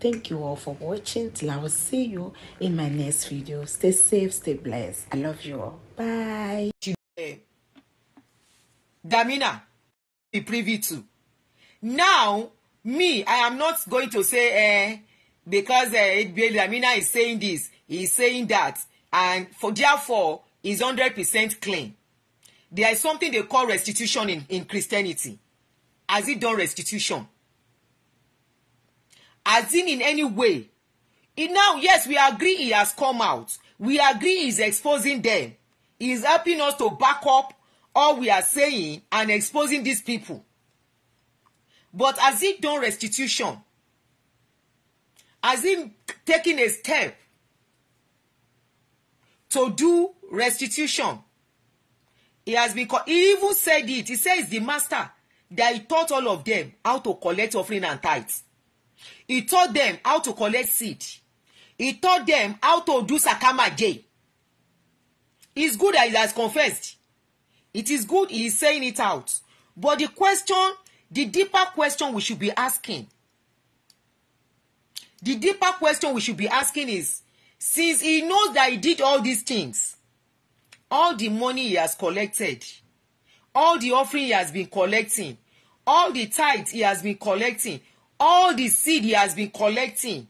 Thank you all for watching. Till I will see you in my next video. Stay safe, stay blessed. I love you all. Bye. Damina, be privy to. Now, me, I am not going to say, eh, because eh, Damina is saying this, is saying that, and for therefore, is hundred percent clean. There is something they call restitution in, in Christianity. Has he done restitution? as in in any way he now yes we agree he has come out we agree he is exposing them he is helping us to back up all we are saying and exposing these people but has he done restitution has he taken a step to do restitution he has been he even said it he says the master that he taught all of them how to collect offering and tithes He taught them how to collect seed. He taught them how to do sakama jay. It's good that he has confessed. It is good he is saying it out. But the question, the deeper question we should be asking, the deeper question we should be asking is, since he knows that he did all these things, all the money he has collected, all the offering he has been collecting, all the tithe he has been collecting, all the seed he has been collecting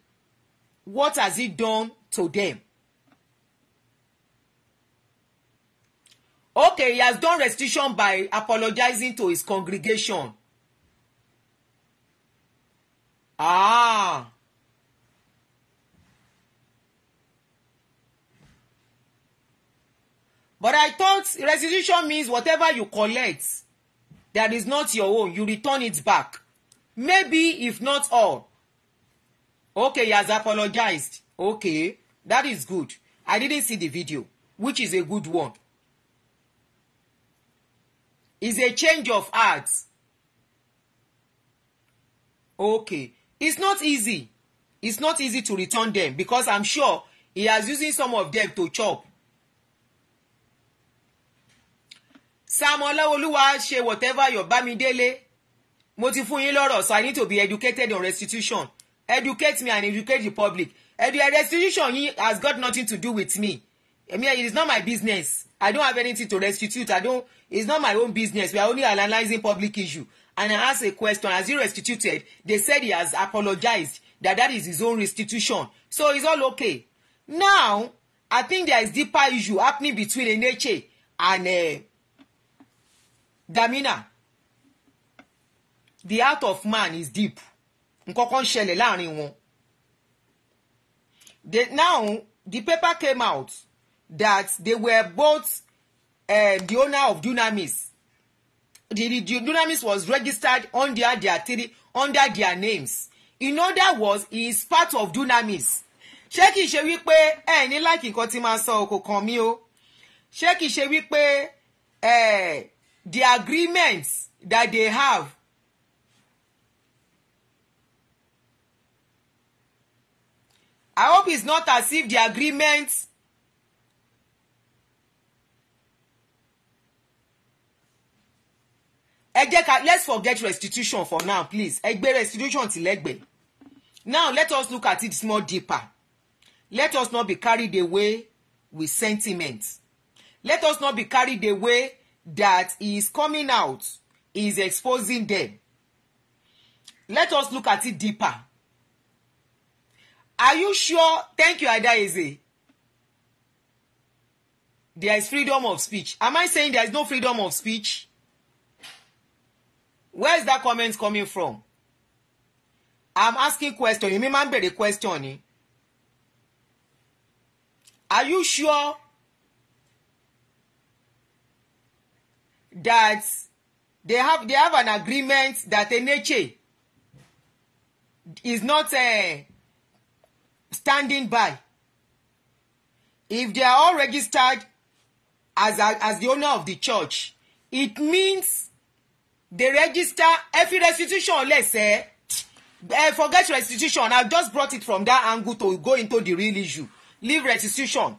what has he done to them okay he has done restitution by apologizing to his congregation ah but i thought restitution means whatever you collect that is not your own you return it back Maybe, if not all. Okay, he has apologized. Okay, that is good. I didn't see the video, which is a good one. Is a change of hearts. Okay, it's not easy. It's not easy to return them because I'm sure he has using some of them to chop. Sam Olawoluwa ṣe whatever your Bamidele mo ti fún yín lọ́rọ̀ so i need to be educated on restitution educate me and educate the public The restitution yín has got nothing to do with me èmi it is not my business i don't have anything to restitute i don't it's not my own business we are only analysing public issue and i ask a question has he restituted they said he has apologised that that is his own restitution so it's all okay now i think there is deeper issue happening between eneche and uh, damina the heart of man is deep nǹkan kan ṣẹlẹ̀ láàrin wọn. They, now the paper came out that they were both uh, the owner of Dunamis. The, the, the Dunamis was registered under their three under their names. In other words, he is part of Dunamis. ṣé kìí ṣe wípé ẹ ní láìkí nǹkan tí máa sọ kò kàn mí o ṣé kìí ṣe wípé eh, the agreement that they have I hope it's not as if the agreement let's forget restitution for now please ẹ gbé restitution ti lẹ́gbẹ̀ẹ́ now let us look at it more deeper let us not be carried away with sentiment let us not be carried away that he is coming out he is exposing them let us look at it deeper Are you sure? Thank you, Adaeze. There is freedom of speech. Am I saying there is no freedom of speech? Where is that comment coming from? I'm asking question. You mean, remember the question? Eh? Are you sure that they have they have an agreement that Eneche is not a uh, eh, standing by if they are all registered as a, as the owner of the church it means they register every restitution let's say uh, forget restitution i just brought it from that angle to go into the real issue leave restitution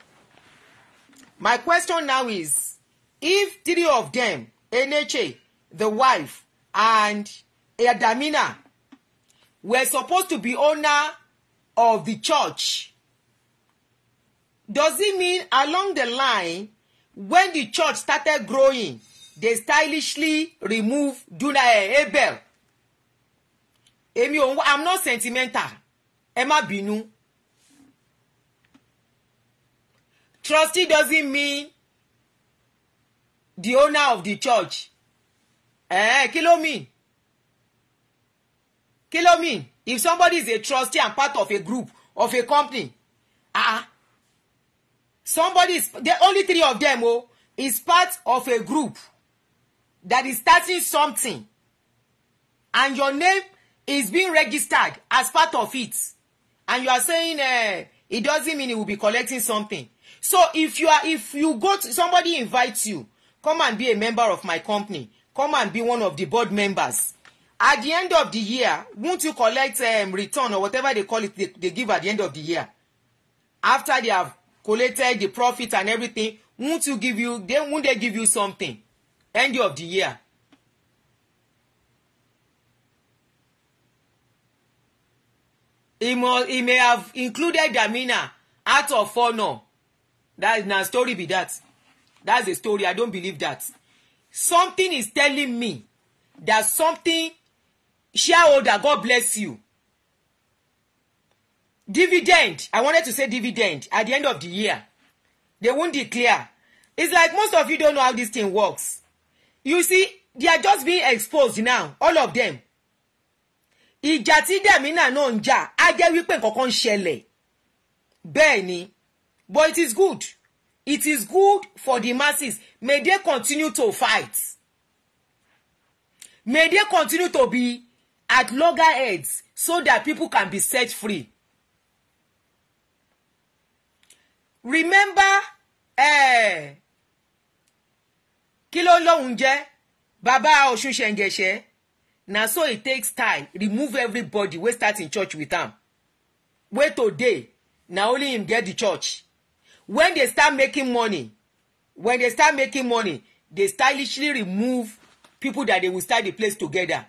my question now is if three of them NHA the wife and Adamina were supposed to be owner of the church. Does it mean along the line when the church started growing, they stylishly removed Duna Abel? Èmi òun I'm not sentimental. Emma binu, Trustee doesn't mean the owner of the church. Eh, kí ló mean? Kí mean? if somebody is a trustee and part of a group of a company ah somebody is the only three of them oh is part of a group that is starting something and your name is being registered as part of it and you are saying uh, it doesn't mean you will be collecting something so if you are if you go to somebody invites you come and be a member of my company come and be one of the board members at the end of the year won't you collect um, return or whatever they call it they, they give at the end of the year after they have collected the profit and everything won't you give you Then won't they give you something end of the year he, must, he may have included Damina out of four honor that na story be that that's the story i don't believe that something is telling me that something shareholder god bless you dividend i wanted to say dividend at the end of the year they won't declare it's like most of you don't know how this thing works you see they are just being exposed now all of them ìjà tí dẹ̀mínà náà ń jà á jẹ́ wípé nǹkan kan ń ṣẹlẹ̀ bẹ́ẹ̀ ni but it is good it is good for the masses may they continue to fight may they continue to be at loggerheads so that people can be set free. Remember eh, kí ló ń lóun jẹ́ bàbá na so it takes time remove everybody wey start in church with am wey today na only him get the church when they start making money when they start making money they stylishly remove people that they will start the place together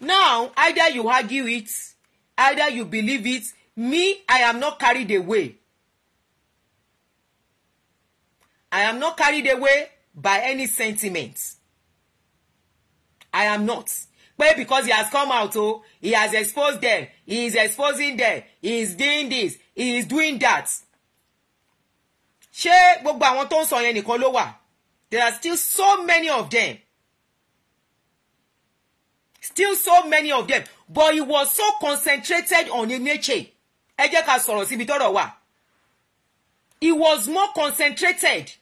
now either you argue it either you believe it me i am not carried away i am not carried away by any sentiment i am not pé because he has come out o oh, he has exposed them he is exposing them he is doing this he is doing that ṣé gbogbo àwọn tó ń sọ yẹn nìkan ló wà there are still so many of them still so many of them but he was so concentrated on Eneche ẹ jẹ́ ká sọ̀rọ̀ síbi tọ́rọ̀ wà he was more concentrated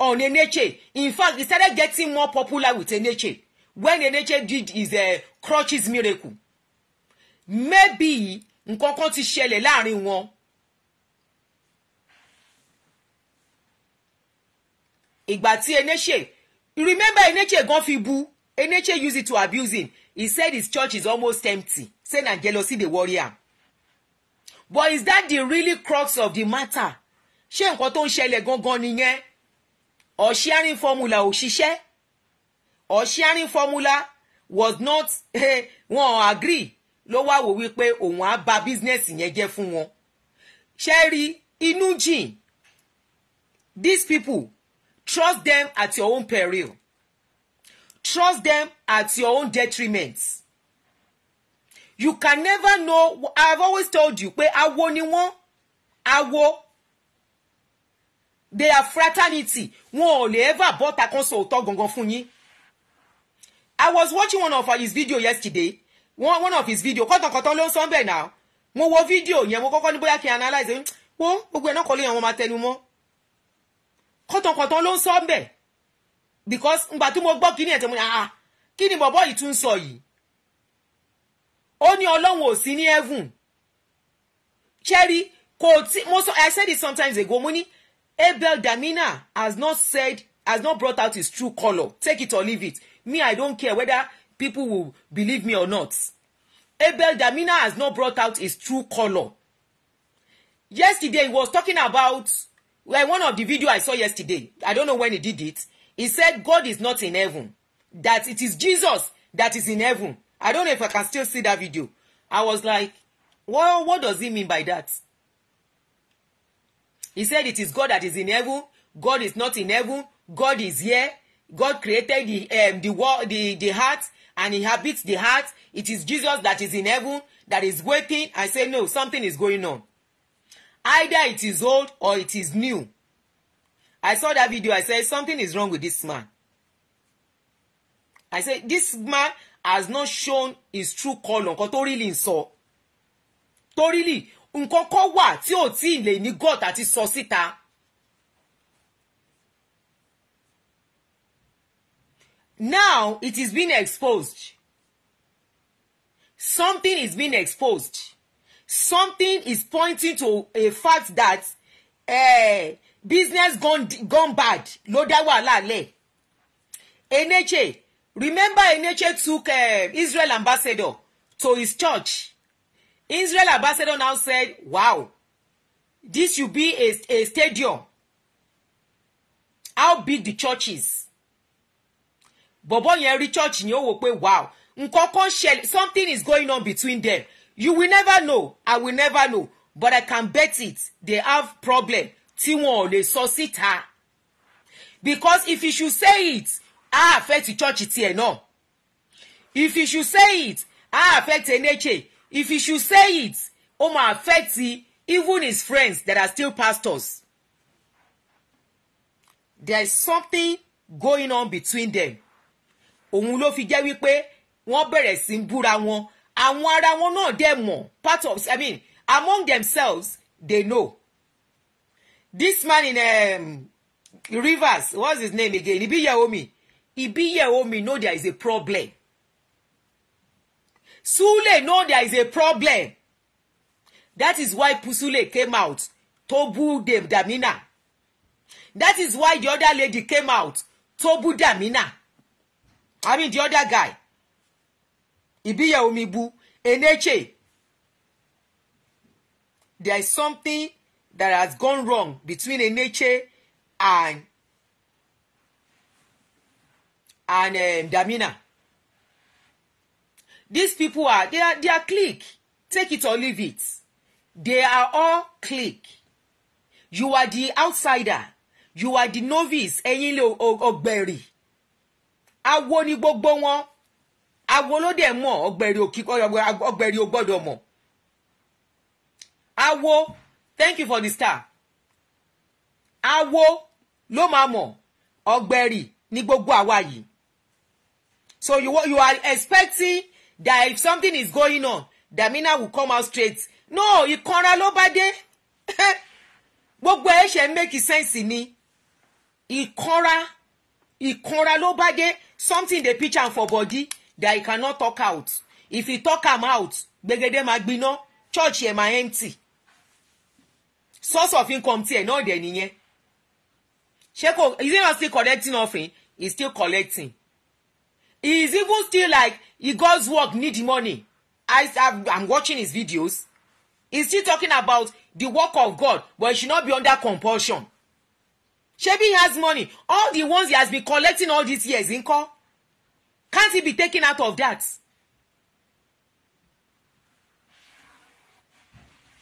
on Eneche in fact he started getting more popular with Eneche when Eneche did his uh, eh, crutches miracle maybe nǹkan kan ti ṣẹlẹ̀ láàrin wọn. ìgbà tí Eneche remember Eneche gan fi bu Eneche use it to abuse him he said his church is almost empty say na jealousy dey worry am but is that the really crux of the matter ṣé nǹkan tó ń ṣẹlẹ̀ gangan nìyẹn or sharing formula ò ṣiṣẹ́ or sharing formula was not wọn agree ló wá wò wípé òun á ba business yẹn jẹ́ fún wọn ṣe rí inú jìn these people trust them at your own peril trust them at your own detriment you can never know i've always told you pé awo ni wọ́n awo they are fraternity wọn ò lè ever bought kan sọ òótọ́ gangan fún yín i was watching one of his video yesterday one, one of his video kọ́tànkọ́tàn ló ń sọ bẹ́ẹ̀ náà mo wo video. yẹn mo kọ́kọ́ ní bóyá kí n analyze wo gbogbo ẹ̀ náà kọ́ lóyún àwọn máa tẹnu mọ́ kọ́tànkọ́tàn ló ń sọ bẹ́ẹ̀ because ngbà tí mo gbọ́ kíní ẹ̀ tí mo ní ah, ah kí ni yìí tún sọ yìí ó ní ọlọ́run ò sí ní heaven cherry kò tí mo sọ i said it sometimes ago mo ní abel damina has not said has not brought out his true colour take it or leave it me i don't care whether people will believe me or not abel damina has not brought out his true colour yesterday he was talking about well, one of the video i saw yesterday i don't know when he did it He said God is not in heaven, that it is Jesus that is in heaven. I don't know if I can still see that video. I was like, well, what does he mean by that? He said it is God that is in heaven. God is not in heaven. God is here. God created the um, the world, the the heart, and He habits the heart. It is Jesus that is in heaven that is waiting. I say no, something is going on. Either it is old or it is new. I saw that video. I said, something is wrong with this man. I said, this man has not shown his true colour nǹkan tó really ń sọ. really nǹkan kan wà tí ò tí ì lè God àti sọ síta. Now it is being exposed. Something is being exposed. Something is pointing to a fact that. Uh, business gone, gone bad ló dá wàhálà lẹ̀ eneche remember eneche took uh, israel ambassador to his church israel ambassador now said wow this should be a, a stadium how big the church is bọ̀bọ̀ yẹn rí church yẹn ó wò pé wow nǹkan kan ṣẹlẹ̀ something is going on between them you will never know i will never know but i can bet it they have problem tí wọn ò lè sọ síta because if you should say it á affect church tiẹ̀ náà if you should say it á affect eneche if you should say it ó máa affect even his friends that are still pastors there is something going on between them òun ló fi jẹ́ wípé wọ́n bẹ̀rẹ̀ sí ń búra wọn àwọn ara wọn náà dẹ̀ mọ̀ part of i mean among themselves they know this man in um, Rivers what's his name again Ibiyehomi Ibiyehomi know there is a problem Sule know there is a problem that is why Pusule came out Tobu boo dem Damina that is why the other lady came out Tobu boo Damina I mean the other guy Ibiyehomi Bu. Eneche there is something that has gone wrong between Eneche and and um, Damina. These people are they are they are clique. Take it or leave it. They are all clique. You are the outsider. You are the novice. Ẹ̀yin lè ọ̀gbẹ̀rì. Awo ni gbogbo wọn. Awo ló dẹ̀ mọ̀ ọ̀gbẹ̀rì òkìkọ́ ọ̀gbẹ̀rì ò gbọ́dọ̀ mọ̀. Awo thank you for the star awo ló máa mọ̀ ọ̀gbẹ̀rì ní gbogbo àwa yìí so you, you are expecting that if something is going on damina will come out straight no ìkanra ló bá dé gbogbo ẹ ṣe ń make sense ni ìkanra ìkanra ló bá dé something dey pitch am for body that he cannot talk out if he talk am out gbẹ̀gẹ̀dẹ̀ máa gbiná church ẹ máa empty source of income tiẹ̀ náà dẹ̀ nìyẹn ṣé kò is he not still collecting nothing he is still collecting he is even still like he God's work need money I am watching his videos he still talking about the work of God but he should not be under compulsion shebi has money all the ones he has been collecting all these years nko can't he be taken out of that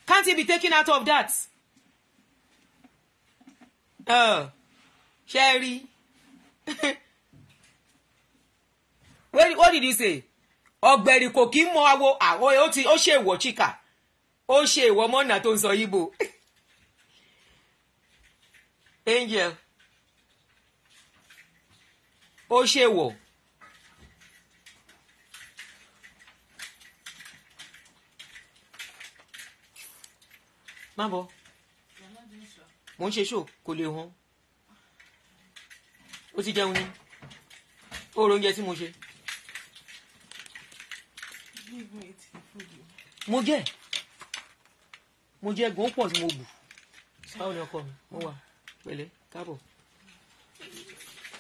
can't he be taken out of that. sherry what did you say kò kí mọ awo ó ti chika ó ṣe ìwọ mọ́nà tó ń angel ó ṣe ìwọ. mò ń ṣe ṣó kò lè hàn ó ti jẹun ni ó ro oúnjẹ tí mo ṣe. mo jẹ mo jẹ gan pọ̀ tí mo bù báwo ni ọkọ mi mo wà pẹ̀lẹ́ káàbọ̀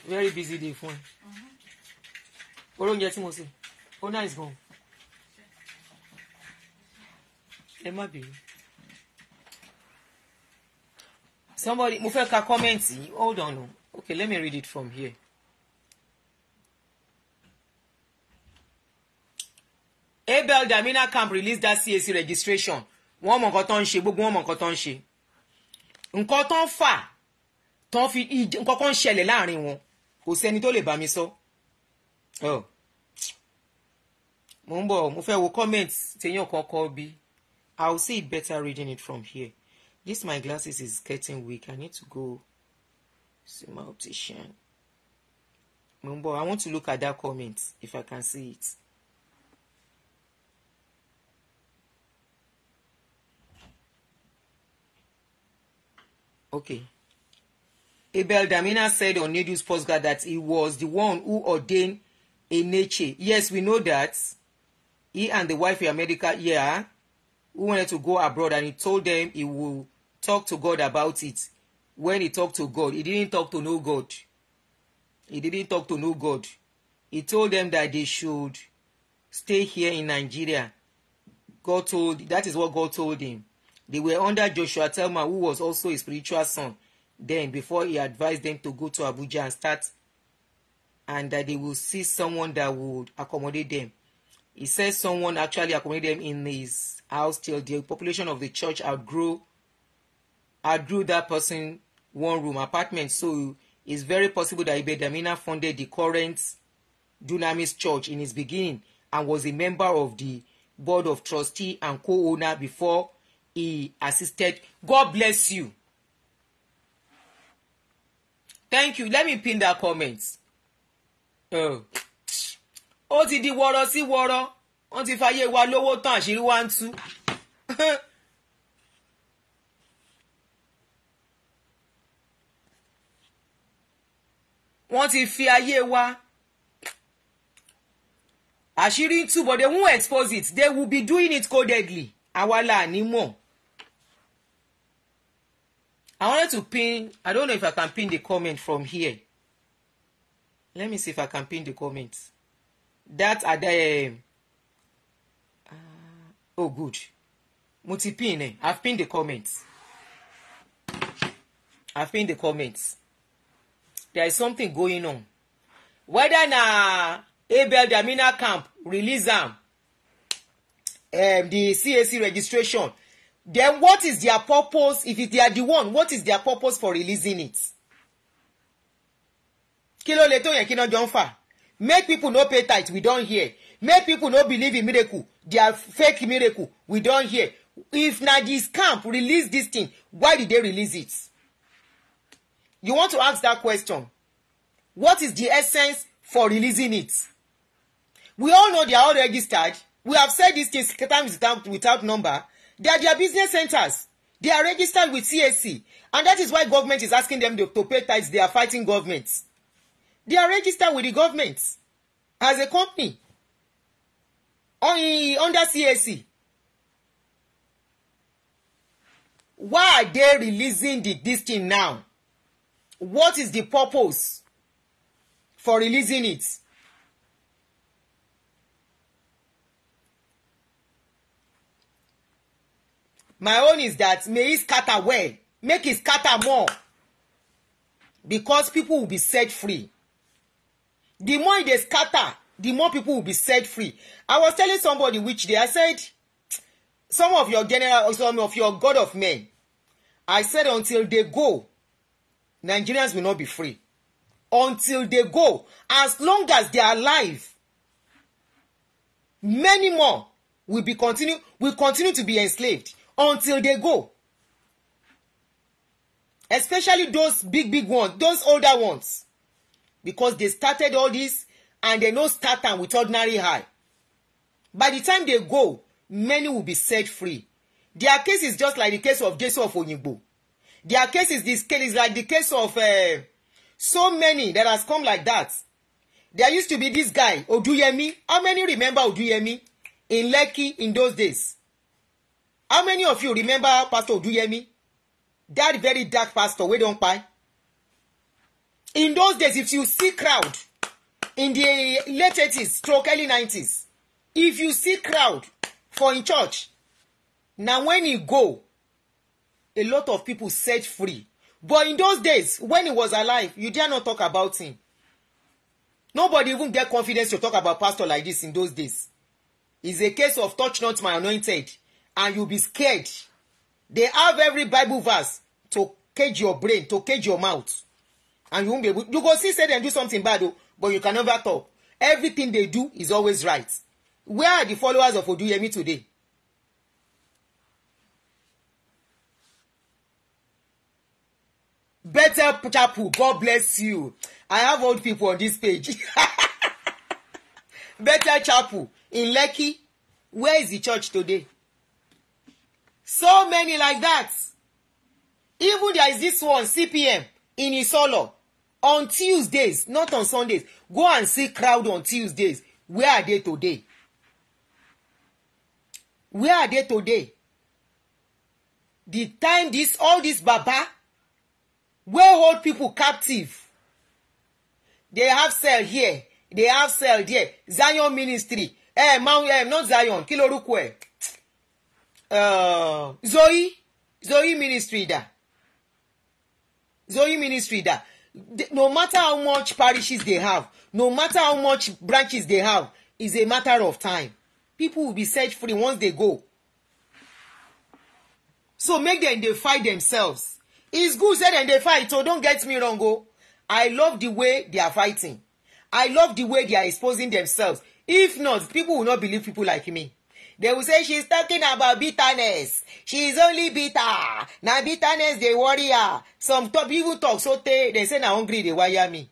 very busy day fún ẹ ó ro oúnjẹ tí mo ṣe ó náà ìsìn kan ẹ má bínú. somebody mo fẹ́ comment hold on okay let me read it from here. abel damina camp release that CAC registration wọ́n mọ̀ nǹkan tó ń ṣe gbogbo wọ́n mọ̀ nǹkan tó ń ṣe nǹkan tó ń fà tó ń fi nǹkan kan ṣẹlẹ̀ láàrin wọn kò sẹ́ni tó lè bá mi sọ. Oh. mo ń bọ̀ mo fẹ́ wo comment tèèyàn kan kọ bí i will see better reading it from here. This my glasses is getting weak. I need to go see my optician. Mumbo, I want to look at that comment if I can see it. Okay. Abel Damina said on Nedu's postcard that he was the one who ordained Eneche. Yes, we know that. He and the wife were medical, yeah, who wanted to go abroad and he told them he will talk to God about it. When he talked to God, he didn't talk to no God. He didn't talk to no God. He told them that they should stay here in Nigeria. God told that is what God told him. They were under Joshua Telma, who was also a spiritual son. Then, before he advised them to go to Abuja and start, and that they will see someone that would accommodate them. He says someone actually accommodated them in his house till the population of the church outgrew I drew that person one room apartment. So it's very possible that Ibe funded the current Dunamis Church in its beginning and was a member of the board of trustee and co-owner before he assisted. God bless you. Thank you. Let me pin that comment. Oh. ó ti di wọ́rọ́ sí wọ́rọ́ wọ́n ti fàyè wa lówó tán àṣírí wa ń tú. wọ́n ti fi ayé wa àṣírí tú but they won't expose it they will be doing it codedly àwa la ní I wanted to pin I don't know if I can pin the comment from here let me see if I can pin the comment that ada uh, um, uh, oh good mo ti pin eh I've pinned the comment I've pinned the comment there is something going on whether na abel damina camp release am um, the cac registration then what is their purpose if they are the one what is their purpose for releasing it Kilo ló lè tó yẹn kí make people no pay tithe we don hear make people no believe in miracle their fake miracle we don hear if na this camp release this thing why did they release it you want to ask that question what is the essence for releasing it we all know they are all registered we have said this things times without number they are their business centers they are registered with CAC and that is why government is asking them to, pay tithes they are fighting government they are registered with the government as a company on, under CAC why are they releasing the this thing now what is the purpose for releasing it? My own is that may it scatter well, make it scatter more because people will be set free. The more e dey scatter, the more people will be set free. I was telling somebody which day I said some of your general some of your god of men I said until they go Nigerians will not be free until they go as long as they are alive many more will be continue will continue to be enslaved until they go especially those big big ones those older ones because they started all this and they no start am with ordinary eye by the time they go many will be set free their case is just like the case of Jésù of Òyìngbò Their case is this case is like the case of uh, so many that has come like that. There used to be this guy, Oduyemi. How many remember Oduyemi in Lekki in those days? How many of you remember Pastor Oduyemi? That very dark pastor wey don kpai. In those days, if you see crowd in the late 80s stroke early 90s, if you see crowd for in church, na when e go a lot of people set free but in those days when he was alive you dare not talk about him nobody even get confidence to talk about pastor like this in those days it's a case of touch not my anointed and you be scared they have every bible verse to cage your brain to cage your mouth and you won't be able you go see say dem do something bad o oh, but you can never talk everything they do is always right where are the followers of oduyemi today Better Chapel, God bless you. I have old people on this page. Better Chapel in Lekki. Where is the church today? So many like that. Even there is this one, CPM, in Isolo. On Tuesdays, not on Sundays. Go and see crowd on Tuesdays. Where are they today? Where are they today? The time this all this baba wey hold people captive they have cell here they have cell there zion ministry ẹ eh, mount eh, not zion kí lorúkọ ẹ uh, eh, zoe ministry da zoe ministry da no matter how much parishes they have no matter how much branches they have is a matter of time people will be set free once they go so make them dey fight themselves it's good say dem dey fight o don't get me wrong o oh. i love the way they are fighting i love the way they are exposing themselves if not people will not believe people like me they will say she is talking about bitterness She is only bitter na bitterness dey worry her some top even talk so tey dem say na hungry dey wire me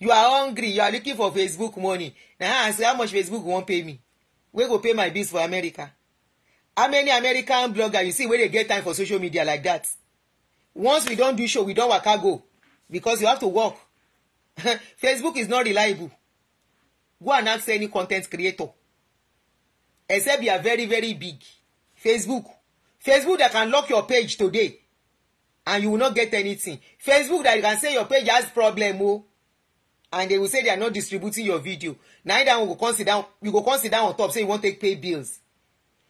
you are hungry you are looking for facebook money na i ask how much facebook wan pay me wey go pay my bills for america how many american bloggers you see wey dey get time for social media like that once we don do show we don waka go because you have to work facebook is not reliable go and ask any content creator except you are very very big facebook facebook that can lock your page today and you will not get anything facebook that you can say your page has problem o oh. and they will say they are not distributing your video na either one go come sit down you go come sit down on top say you wan take pay bills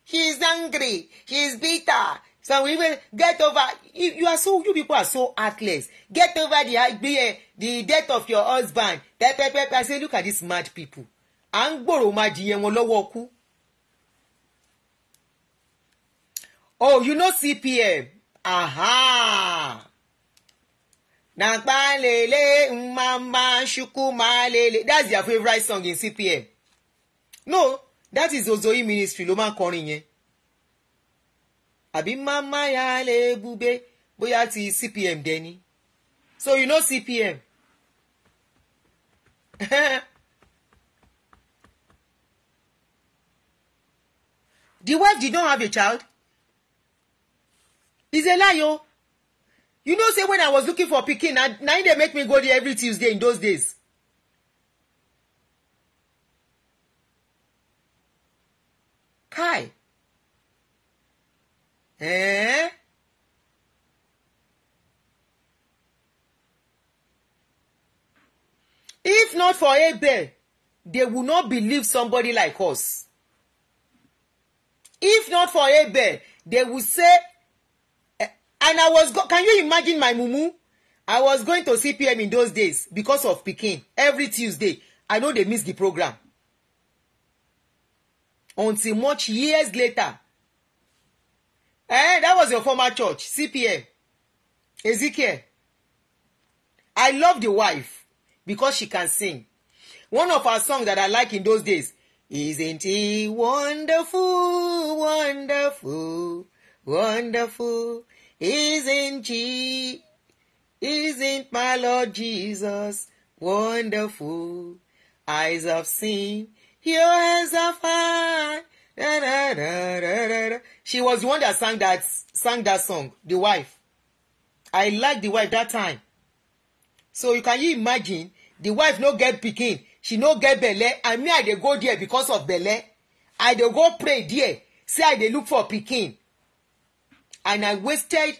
he is angry he is bitter some even get over you, are so you people are so heartless get over the uh, the, uh, the death of your husband pepepepe i say look at these mad people à ń gbòòrò máa wọn lọ́wọ́ kú. oh you know cpm aha na palele mmamma shuku malele that's their favourite song in cpm no that is ozoyi ministry ló máa ń kọrin yẹn àbí mámáyà lè búgbé bóyá ti CPM dẹni so you know CPM the wife did not have a child is a lie o oh. you know say when i was looking for pikin na na him dey make me go there every tuesday in those days kai ẹ́ẹ́. If not for Abel, they would not believe somebody like us. If not for Abel, they would say, eh, and I was, go can you imagine my mumu? I was going to CPM in those days because of Pikin. Every Tuesday, I know they miss the program. Until much years later, Eh, that was your former church, CPA. Ezekiel. I love the wife because she can sing. One of her songs that I like in those days, isn't he wonderful, wonderful, wonderful? Isn't he? Isn't my Lord Jesus wonderful? Eyes have seen, your hands have found. She was the one that sang that sang that song, the wife. I like the wife that time. So you can you imagine the wife no get pikin, she no get belle. I mean I dey go there because of belle. I dey go pray there. Say I dey look for pikin. And I wasted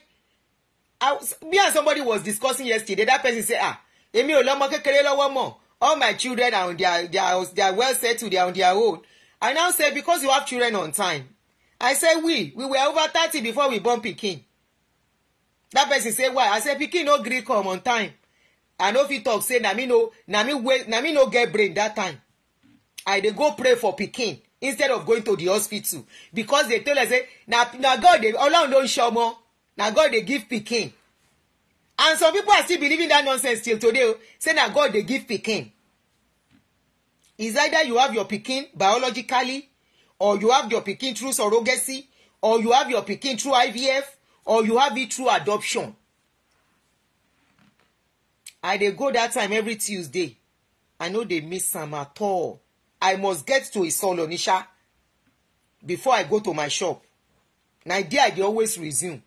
I was, me and somebody was discussing yesterday. That person say, ah, èmi ò lọ́mọ kékeré lọ́wọ́ All my children are on their, their are, they are well settled, they are on their own. I now say because you have children on time. I say we, we were over thirty before we born pikin. That person say why? I say pikin no gree come on time. I no fit talk say na me no na me wait na me no get brain that time. I dey go pray for pikin instead of going to the hospital because they tell us say na na God dey Ọlọ́run don show more na God dey give pikin. And some people are still believing that nonsense till today o say na God dey give pikin is either you have your pikin biologically or you have your pikin through surrogacy or you have your pikin through IVF or you have it through adoption i dey go that time every tuesday i no dey miss am at all i must get to isolo nisha before i go to my shop na there i dey always resume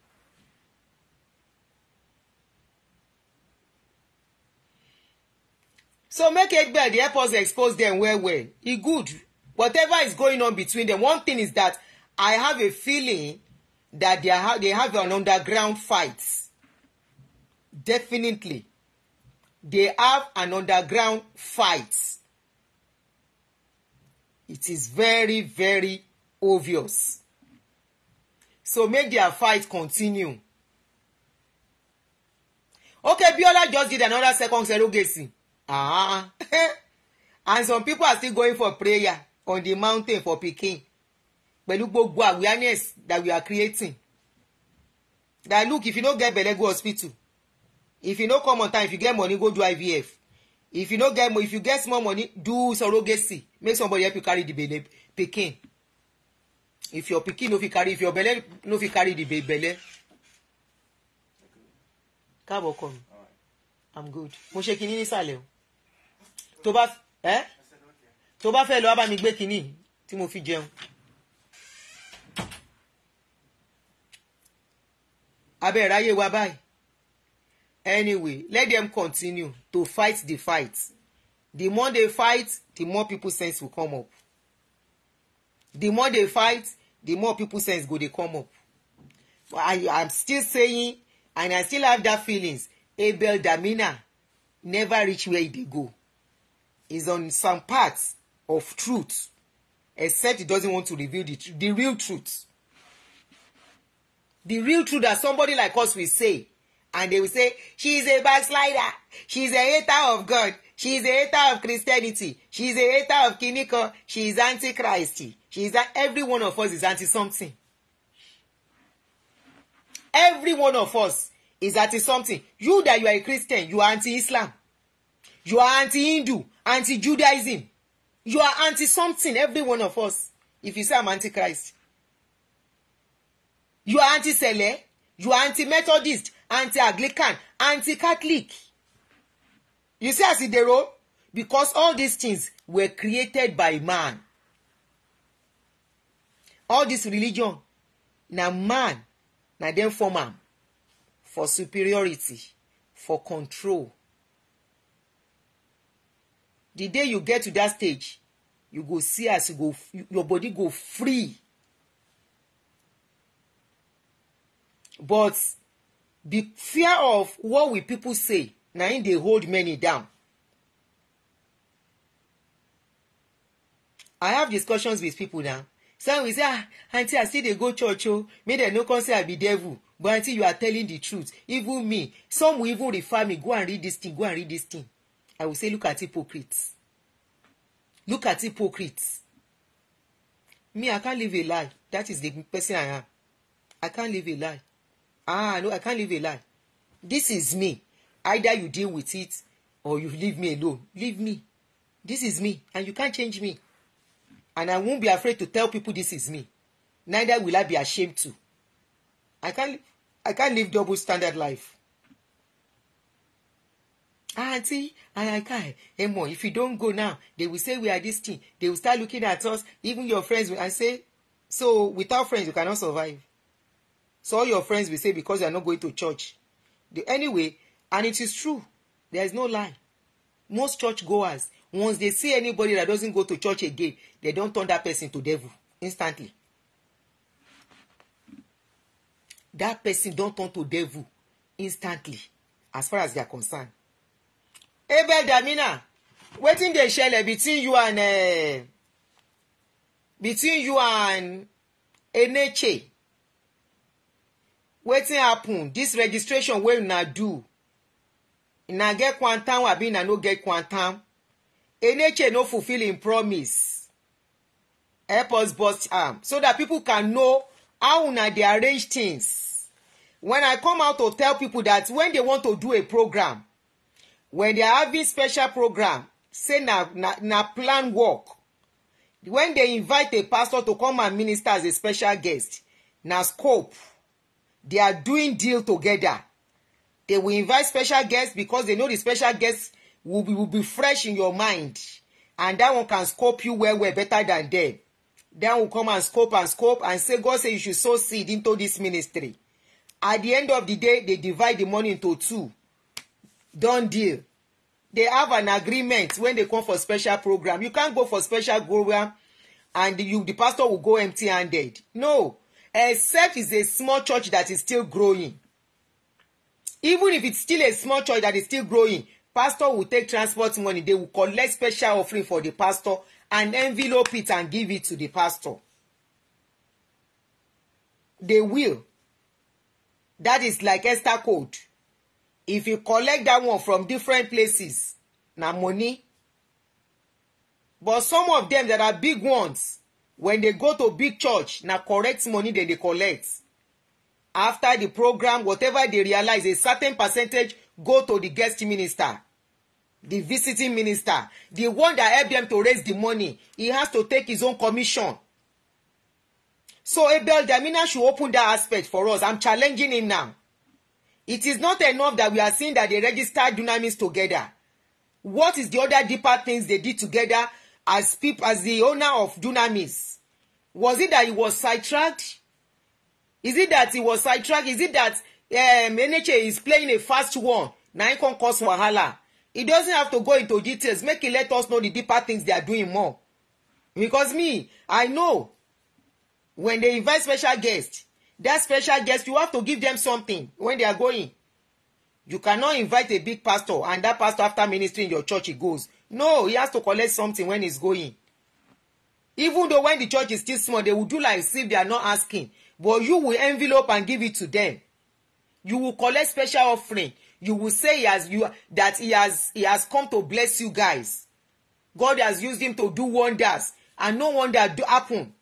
so make egbedi help us expose dem well well e good whatever is going on between dem one thing is that i have a feeling that they, are, they have an underground fight definitely they have an underground fight it is very very obvious so make their fight continue okay biola just did another second surrogacy ah and some people are still going for prayer on the mountain for pikin pẹ̀lú gbogbo awareness that we are creating that look if you no get belle go hospital if you no come on time if you get money go do ivf if you no get if you get small money do surrogacy make somebody help you carry the belle pikin if your pikin no fit carry if your belle no fit carry the belle káàbọ̀ kọ́ mi i'm good mo ṣe kinní nísàlẹ̀ o tó bá ẹ́ tó bá fẹ́ lọ wá bá mi gbé kinní tí mo fi jẹun. abẹ́ ìráyè wa báyìí anyway let them continue to fight the fight the more they fight the more people sense will come up the more they fight the more people sense go dey come up I am still saying and I still have that feelings Abel Damina never reach where he dey go is on some parts of truth, except he doesn't want to reveal the, the real truth. The real truth that somebody like us will say, and they will say, She is a backslider, she is a hater of God, she is a hater of Christianity, she is a hater of Kiniko, she is antichrist, she is that every one of us is anti something. Every one of us is anti something. You that you are a Christian, you are anti Islam. you are anti-hindu anti-judaism you are anti-something every one of us if you say i'm anti-christ you are anti-sele you are anti-methodist anti-anglican anti-catholic you see as e dey roll because all these things were created by man all this religion na man na dem form am for superiority for control the day you get to that stage you go see as you go your body go free but the fear of what will people say na im dey hold many down i have discussions with people now some will say ah aunty i still dey go church o make dem no come say i be devil but aunty you are telling the truth even me some will even refer me go and read this thing go and read this thing I will say, look at hypocrites. Look at hypocrites. Me, I can't live a lie. That is the person I am. I can't live a lie. Ah, no, I can't live a lie. This is me. Either you deal with it or you leave me alone. Leave me. This is me, and you can't change me. And I won't be afraid to tell people this is me. Neither will I be ashamed to. I can't. I can't live double standard life aunty ayakai emo if you don go now they will say we are this thing they will start looking at us even your friends will i say so without friends you cannot survive so all your friends will say because you are not going to church the, anyway and it is true there is no lie most church goers once they see anybody that doesn't go to church again they don turn that person to devil instantly that person don turn to devil instantly as far as they are concerned abel damina wetin dey shele between you and uh, between you and eneche wetin happen dis registration wey una do una get quantum abi una no get quantum eneche no fulfil im promise help us bust am so dat pipo can know how una dey arrange things when i come out to tell pipo dat wen dey want to do a program when they are having special program say na na na plan work when they invite a pastor to come and minister as a special guest na scope they are doing deal together they will invite special guests because they know the special guests will be will be fresh in your mind and that one can scope you well well better than them Then will come and scope and scope and say God say you should sow seed into this ministry at the end of the day they divide the money into two done deal they have an agreement when they come for special program you can't go for special program and you the pastor will go empty handed no except it's a small church that is still growing even if it's still a small church that is still growing pastor will take transport money they will collect special offering for the pastor and envelope it and give it to the pastor they will that is like esther code if you collect that one from different places na money but some of them that are big ones when they go to big church na correct money they dey collect after the program whatever they realize a certain percentage go to the guest minister the visiting minister the one that help them to raise the money he has to take his own commission so abel damina should open that aspect for us i'm challenging him now It is not enough that we are seeing that they registered Dunamis together. What is the other deeper things they did together as people as the owner of Dunamis? Was it that he was sidetracked? Is it that he was sidetracked? Is it that um, NHA is playing a fast one? Na him come cause wahala. He doesn't have to go into details. Make he let us know the deeper things they are doing more. Because me, I know when they invite special guests, that special guest you have to give them something when they are going you cannot invite a big pastor and that pastor after ministry in your church he goes no he has to collect something when he's going even though when the church is still small they will do like if they are not asking but you will envelope and give it to them you will collect special offering you will say he has you that he has he has come to bless you guys god has used him to do wonders and no wonder do happen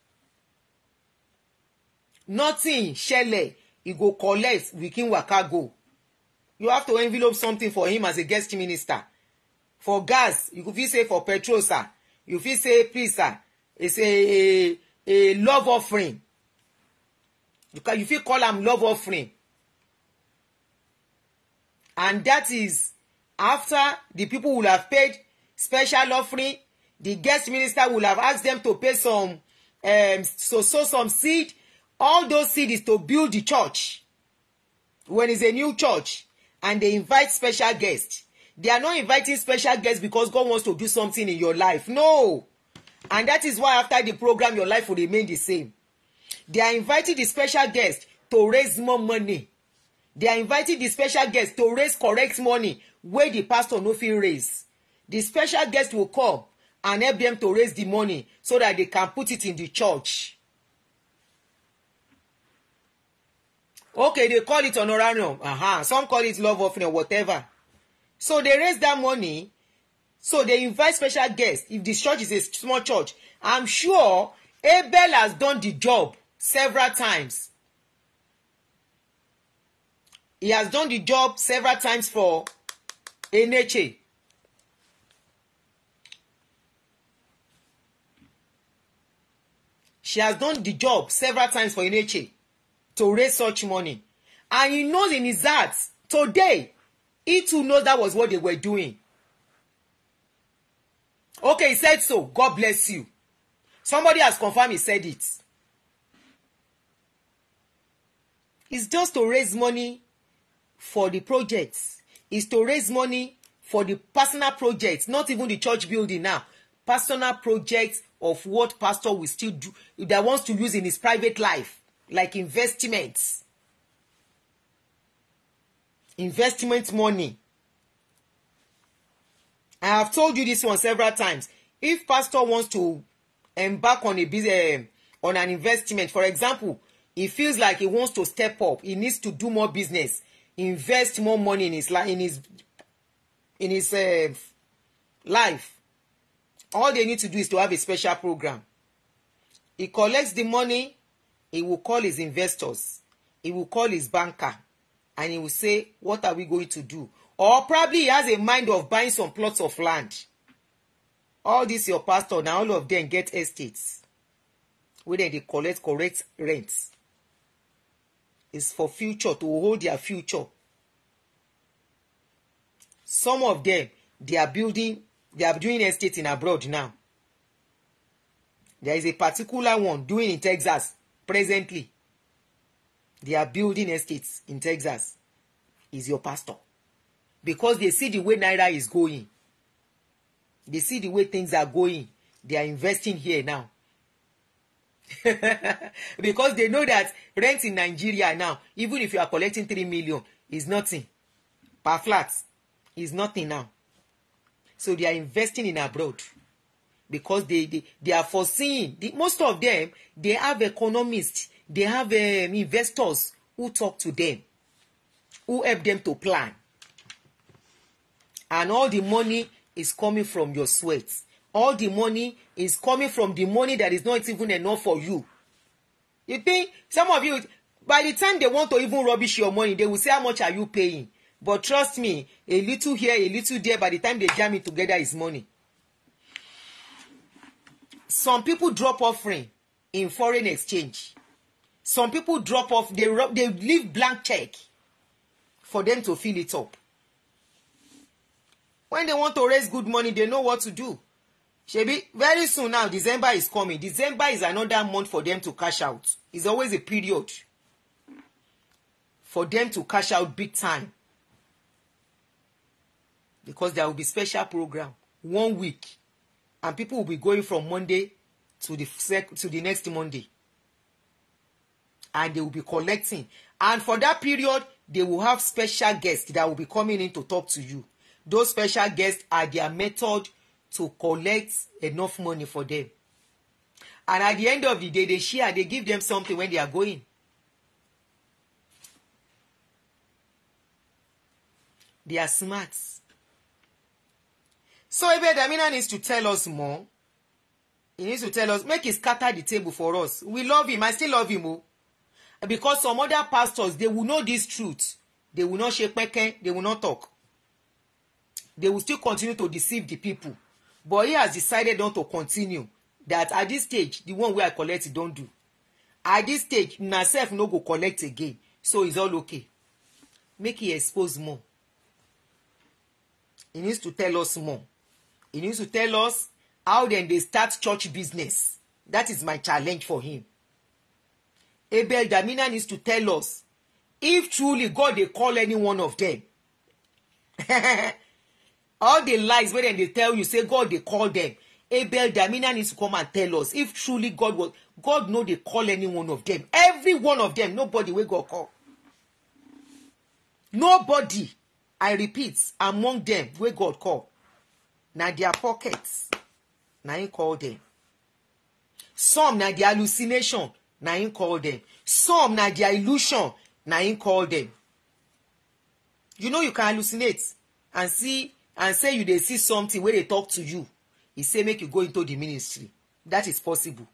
nothing ṣẹlẹ̀ he go collect wikin waka go you have to envelope something for him as a guest minister for gas you fit say for petrol sir you fit say please sir it's a a, a love offering you, can, you fit call am love offering and that is after the people will have paid special offering the guest minister will have asked them to pay some um, so sow some seed All those cities to build the church. When it's a new church and they invite special guests, they are not inviting special guests because God wants to do something in your life. No. And that is why after the program, your life will remain the same. They are inviting the special guests to raise more money. They are inviting the special guests to raise correct money wey the pastor no fit raise. The special guests will come and help them to raise the money so that they can put it in the church. okay they call it honorarium uh-huh. some call it love offering or whatever so they raise that money so they invite special guests if the church is a small church i'm sure abel has done the job several times he has done the job several times for eneche she has done the job several times for eneche to raise such money and he knows in his heart today he too knows that was what they were doing okay he said so god bless you somebody has confirmed he said it it's just to raise money for the projects it's to raise money for the personal projects not even the church building now personal projects of what pastor will still do that wants to use in his private life like investments investment money i have told you this one several times if pastor wants to embark on a business uh, on an investment for example he feels like he wants to step up he needs to do more business invest more money in his life in his in his uh, life all they need to do is to have a special program he collects the money He will call his investors. He will call his banker. And he will say, What are we going to do? Or probably he has a mind of buying some plots of land. All this your pastor, now all of them get estates. Where then they collect correct rents. It's for future to hold their future. Some of them they are building, they are doing estate in abroad now. There is a particular one doing in Texas presently they are building estates in Texas is your pastor because they see the way naira is going they see the way things are going they are investing here now because they know that rent in Nigeria now even if you are collecting three million is nothing per flat is nothing now so they are investing in abroad because they they, they are foreseeing the, most of them they have economists they have um, investors who talk to them who help them to plan and all the money is coming from your sweat all the money is coming from the money that is not even enough for you you think some of you by the time they want to even rubbish your money they will say how much are you paying but trust me a little here a little there by the time they jam it together is money some people drop offering in foreign exchange some people drop off they they leave blank check for them to fill it up when they want to raise good money they know what to do shebi very soon now december is coming december is another month for them to cash out it's always a period for them to cash out big time because there will be special program one week and people will be going from Monday to the sec- to the next Monday, and they will be collecting. And for that period, they will have special guests that will be coming in to talk to you. Those special guests are their method to collect enough money for them. And at the end of the day, they share, they give them something when they are going. They are smart. So Ebe Damina needs to tell us more. He needs to tell us, make he scatter the table for us. We love him. I still love him. Oh. Because some other pastors, they will know this truth. They will not shake peke. They will not talk. They will still continue to deceive the people. But he has decided not to continue. That at this stage, the one wey I collect don do. At this stage, na self no go collect again. So it's all okay. Make he expose more. He needs to tell us more. He needs to tell us how then they start church business. That is my challenge for him. Abel Damina needs to tell us if truly God they call any one of them. all the lies when they tell you, say God they call them. Abel Damina needs to come and tell us if truly God was God know they call any one of them. Every one of them, nobody will go call. Nobody, I repeat, among them will God call. na their pockets na him call them some na their hallucination na him call them some na their illusion na him call them you know you can hallucinate and see and say you dey see something wey dey talk to you e say make you go into the ministry that is possible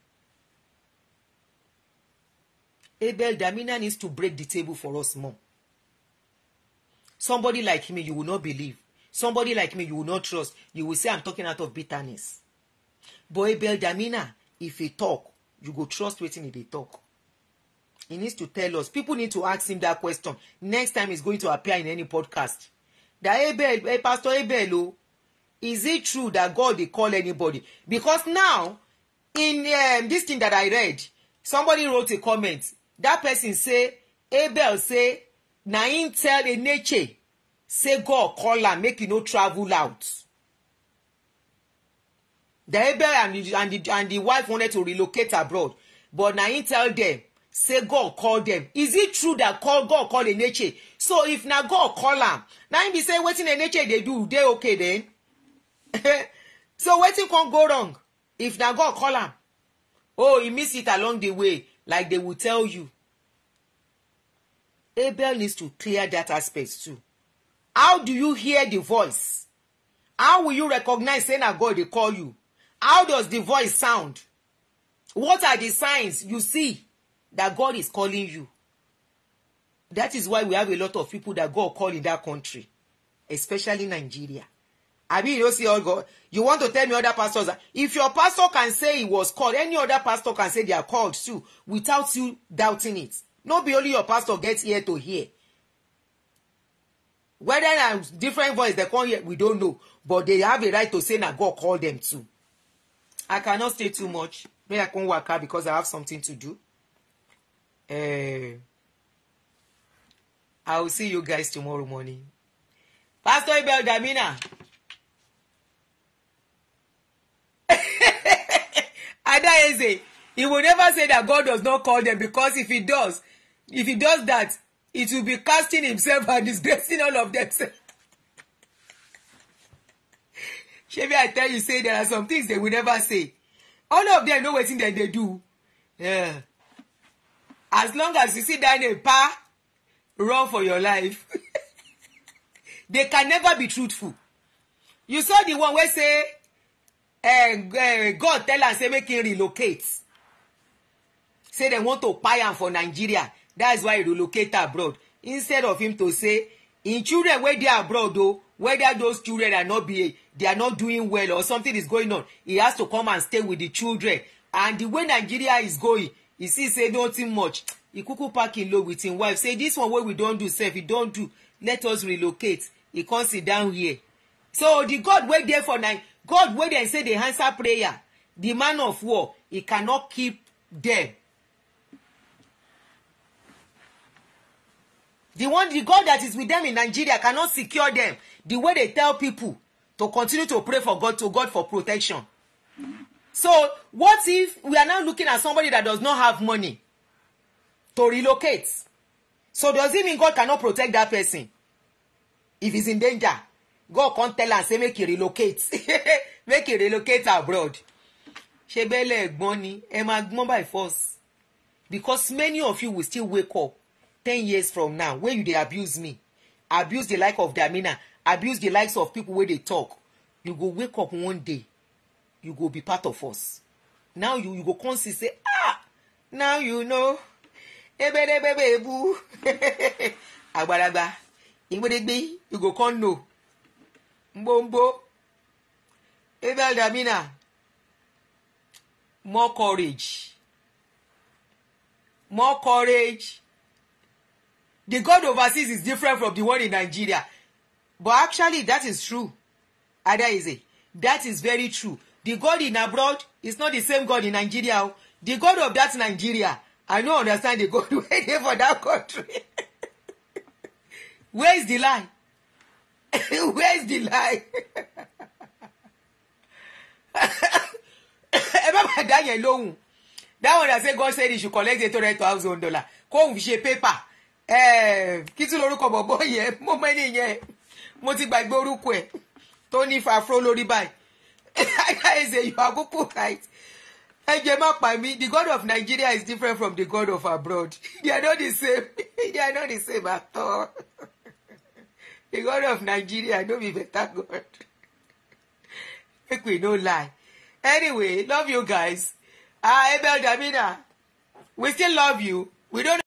abel damina needs to break the table for us more somebody like me you will not believe somebody like me you will not trust you will say i'm talking out of bitterness Boy, abel damina if he talk you go trust wetin he dey talk he needs to tell us people need to ask him that question next time he's going to appear in any podcast that abel hey, eh, pastor abel o oh, is it true that god dey call anybody because now in um, this thing that i read somebody wrote a comment that person say abel say na him tell eneche say god call am make e no travel out the abel and the and the and the wife wanted to relocate abroad but na him tell them say god call them is it true that call god call eneche so if na god call am na him be say wetin eneche dey do dey okay then so wetin come go wrong if na god call am oh he miss it along the way like they will tell you abel needs to clear that aspect too how do you hear the voice how will you recognize say na god they call you how does the voice sound what are the signs you see that god is calling you that is why we have a lot of people that god call in that country especially nigeria i mean you see all god you want to tell me other pastors if your pastor can say he was called any other pastor can say they are called too without you doubting it Not be only your pastor gets here to hear whether na different voice dem come here, we don't know but they have a right to say na god call them too i cannot stay too much make i come waka because i have something to do uh, i will see you guys tomorrow morning pastor ibel damina adaeze he will never say that god does not call them because if he does if he does that it will be casting himself and disgracing all of them. shebi i tell you say there are some things they will never say all of them know wetin that they do yeah. as long as you sit down a par, run for your life they can never be truthful you saw the one where say eh, eh, god tell us," say make him relocate say they want to pay him for nigeria that's why he relocated abroad instead of him to say in children wey dey abroad o whether those children are not be they are not doing well or something is going on he has to come and stay with the children and the way nigeria is going he see say nothing much he kuku pack him load with him wife say this one wey we don do sef he don do let us relocate he come sit down here so the god wey dey for na god wey dem say dey answer prayer the man of war he cannot keep them The one, the God that is with them in Nigeria cannot secure them. The way they tell people to continue to pray for God, to God for protection. So what if we are now looking at somebody that does not have money to relocate? So does it mean God cannot protect that person if he's in danger? God can't tell and say make he relocate, make he relocate abroad. ṣe by force because many of you will still wake up ten years from now wey you dey abuse me abuse the like of damina abuse the likes of people wey dey talk you go wake up one day you go be part of us now you you go come see say ah now you know ebedebebe ebu igbedegbe you go come know mgbomgbo abel damina more courage more courage the God overseas is different from the one in Nigeria but actually that is true Adaize that is very true the God in abroad is not the same God in Nigeria o oh. the God of that Nigeria I no understand the God wey dey for that country where is the lie where is the lie ẹ bá bàa dá that one na say God said he should collect eight hundred thousand dollars kóhùn fi ṣe paper Eh, kí tún lórúkọ bọ̀bọ̀ yẹn mo mọ ẹni yẹn mo ti gbàgbé orúkọ ẹ̀ tó ní fàfró lórí báyìí ẹsẹ̀ yóò àkókò right ẹ jẹ́ má pa mí the god of Nigeria is different from the god of abroad they are not the same they are not the same at all the god of Nigeria no be better god make we no lie anyway love you guys ah Abel Damina we still love you we don't.